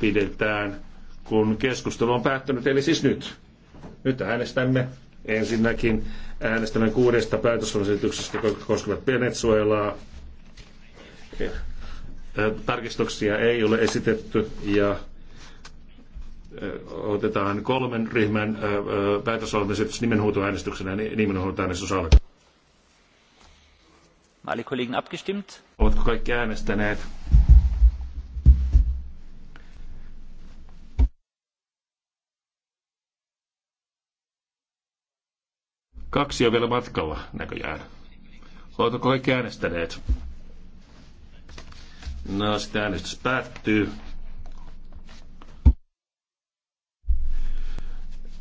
pidetään, kun keskustelu on päättynyt, eli siis nyt. Nyt äänestämme ensinnäkin äänestämme kuudesta päätösosityksestä, jotka koskevat Venezuelaa. Tarkistuksia ei ole esitetty ja otetaan kolmen ryhmän päätösolmisesitys nimenhuutoäänestyksenä. Nimenhuutoäänestys alkaa. Alle Kollegen abgestimmt? Ovatko kaikki äänestäneet? Kaksi on vielä matkalla näköjään. Oletko kaikki äänestäneet? No, sitten äänestys päättyy.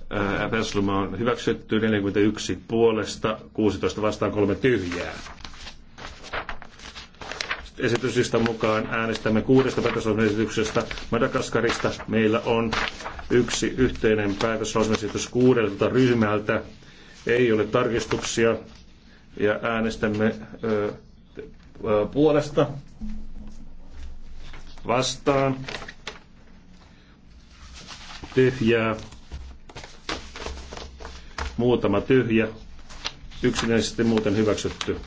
Äänestysluoma on hyväksytty 41 puolesta, 16 vastaan kolme tyhjää. Esityslistan mukaan äänestämme kuudesta päätöslausumaesityksestä Madagaskarista. Meillä on yksi yhteinen päätöslausumaesitys kuudelta ryhmältä. Ei ole tarkistuksia ja äänestämme ö, ö, puolesta vastaan tyhjää, muutama tyhjä, yksinäisesti muuten hyväksytty.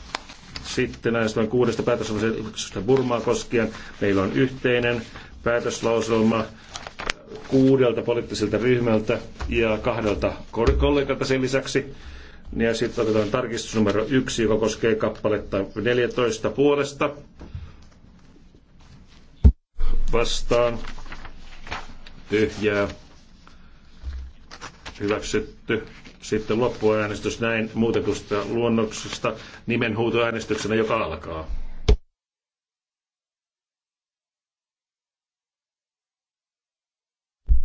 Sitten näistä on kuudesta päätöslauselmasta Burmaa koskien. Meillä on yhteinen päätöslauselma kuudelta poliittiselta ryhmältä ja kahdelta kollegalta sen lisäksi. Ja sitten otetaan tarkistus numero yksi, joka koskee kappaletta 14 puolesta. Vastaan. Tyhjää. Hyväksytty. Sitten loppuäänestys näin muutetusta luonnoksesta nimenhuutoäänestyksenä, joka alkaa.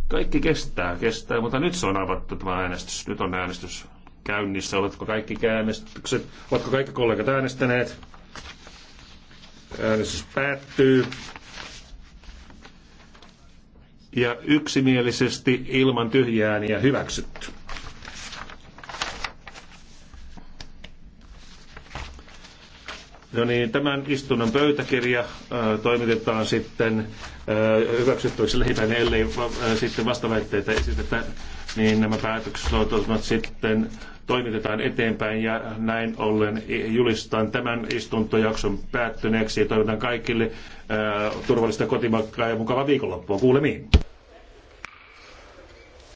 Kaikki kestää, kestää, mutta nyt se on avattu tämä äänestys. Nyt on äänestys käynnissä. Oletko kaikki äänestykset, oletko kaikki kollegat äänestäneet? Äänestys päättyy. Ja yksimielisesti ilman tyhjään ja hyväksytty. No niin, tämän istunnon pöytäkirja äh, toimitetaan sitten äh, hyväksyttäväksi lähipäin, ellei äh, sitten vastaväitteitä esitetä, niin nämä päätökset sitten toimitetaan eteenpäin ja näin ollen julistan tämän istuntojakson päättyneeksi ja toivotan kaikille turvallista kotimatkaa ja mukavaa viikonloppua. Kuulemiin.